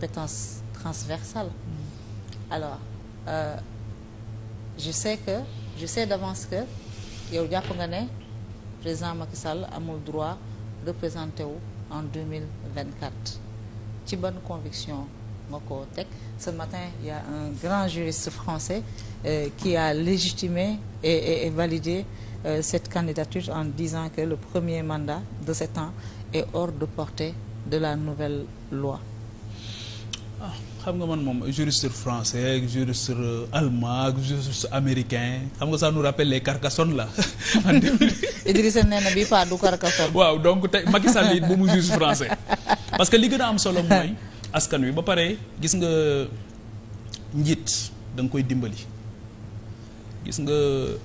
compétence transversale. Mm. alors euh, je sais que je sais d'avance que yow jàpp nga ne président Macky Sall amul droit représenté wu en deux mille vingt quatre conviction nga ko teg ce matin il y a un grand juriste français euh, qui a légitimé et, et, et validé euh, cette candidature en disant que le premier mandat de sept ans est hors de portée de la nouvelle loi Ah, xam nga man moom juriste français juriste allemand juriste américain xam nga ça nous rappelle les Carcassonne là. a nee na bii du Carcassonne. waaw donc tey Macky Sall it ba mu juriste français parce que li gën a am solo mooy askan wi ba pare gis nga njiit da nga koy dimbali. gis nga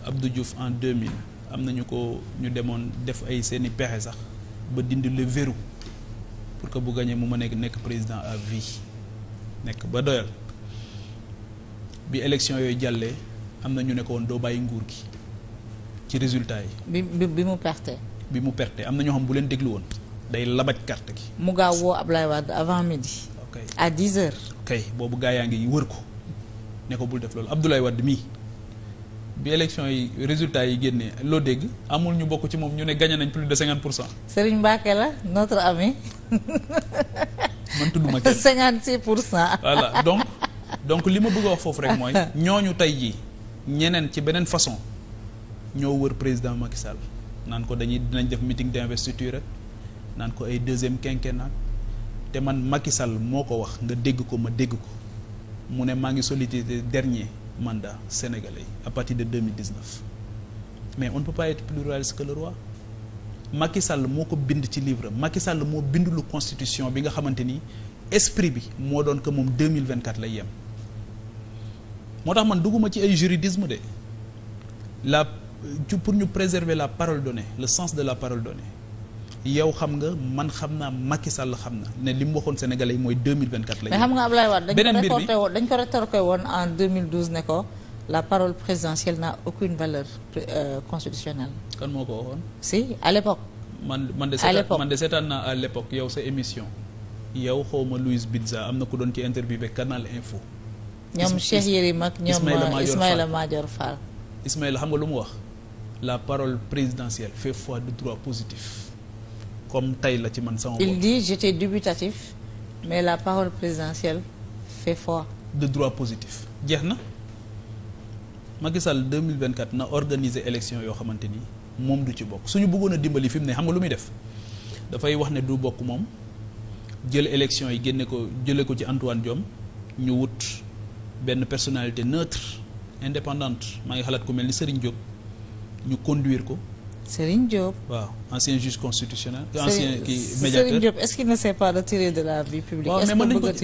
Abdou Diouf en 2000 am na ñu ko ñu demoon def ay seeni pexe sax ba dindi le verrou pour que bu gañee mu mën a nekk président à vie. nekk ba doyal bi élection yooyu jàllee am na ñu ne ko woon doo bàyyi nguur gi ci résultat yi. bi bi bi mu perte. bi mu perte am na ñoo xam bu leen déglu woon day labaj carte gi. mu gaaw woo Ablaye Wade avant midi. ok à boobu gaa yaa ngi wër ko ne ko bul def loolu Abdoulaye wadd mii bi élection yi résultat yi génnee loo dégg amul ñu bokk ci moom ñu ne gagné nañ plus de 50 pour cent. Serigne Mbacké la notre ami. man tudduma kenn 56 pour cent. voilà donc donc li ma bëgg a wax foofu rek mooy. ñooñu tey jii ñeneen ci beneen façon ñoo wër président Macky Sall naan ko dañuy dinañ def meeting d'investiture naan ko ay deuxième quinquennat te man Macky Sall moo ko wax nga dégg ko ma dégg ko mu ne maa ngi solliciter dernier mandat sénégalais a partir de deux mais on ne peut pas être plus réaliste Macky Sall moo ko bind ci livre Macky Sall moo bind lu constitution bi nga xamante ni esprit bi moo doon que moom 2024 lay yem moo tax man dugguma ci ay juridisme de la euh, pour ñu préserver la parole donnée le sens de la parole donnée yow xam nga man xam naa Macky Sall xam na ne li mu waxoon Sénégalais yi mooy 2024 la. mais xam nga Ablaye Wade dañ ko rétorqué woon dañ ko rétorqué woon en 2012 ne ko la parole présidentielle n'a aucune valeur euh, constitutionnelle. kon moo ko waxoon. si à l'époque man man de seetaan man de seetaan naa à l'époque yow sa émission yow xawma Louise Bidza am na ko doon ci interviewé Canal Info ñoom Cheikh Yérim ak ñoom Ismaïla Madior Fall Ismaïla xam nga lu mu wax la parole présidentielle fait foi de droit positif comme tey la ci man sama il dit j'étais dubitatif mais la parole présidentielle fait foi de droit positif jeex na Macky Sall 2024 na organiser élection yoo xamante nii moom du ci bokk suñu bëggoon a dimbali fi mu ne xam nga lu muy def dafay wax ne du bokk moom jël élection yi génne ko jële ko ci Antoine Diome ñu wut benn personnalité neutre indépendante maa ngi xalaat ku mel ni Serigne jóg ñu conduire ko Serigne Diop. waaw ancien juge constitutionnel. ancien kii médiateur Serigne Diop est-ce qu'il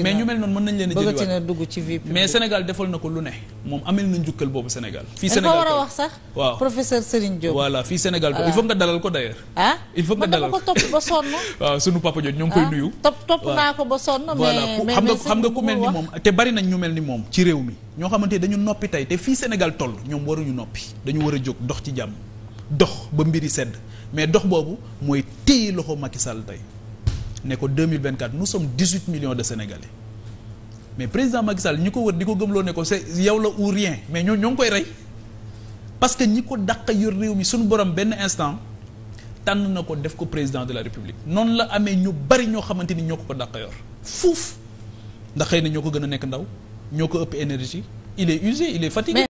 mais mel noonu mën nañ leen a. bëggatina dugg ci vie publique mais Sénégal defal na ko lu ne. moom amel na njukkal boobu Sénégal. fii Sénégal war a wax sax. waaw professeur Serigne Diop. voilà fii Sénégal il faut nga dalal ko d'ailleurs. Ah? il faut nga dalal ko man dama ko topp ba sonn. waaw sunu papa jooju ñoo ngi koy ah? nuyu. topp topp naa ko ba sonn. mais mais xam nga xam mel ni moom te bari nañ ñu mel ni moom ci réew mi ñoo xamante dañu noppi tey te fii Sénégal toll ñoom waruñu noppi dañu war a jóg dox ci jàmm dox ba mbir yi sedd mais dox boobu mooy téye loxo Macky Sall tey ne ko 2024 nous sommes 18 millions de Sénégalais mais président Macky Sall ñi ko wër di ko gëmloo ne ko c'est yow la ou mais ñoo ñoo koy rey parce que ñi ko daq yor réew mi suñu borom benn instant tànn na ko def ko président de la république noonu la amee ñu bari ñoo xamante ni ñoo ko ko dàq yor fuuf ndax xëy na ñoo ko gën a nekk ndaw ñoo ko ëpp énergie il est usé il est fatigué.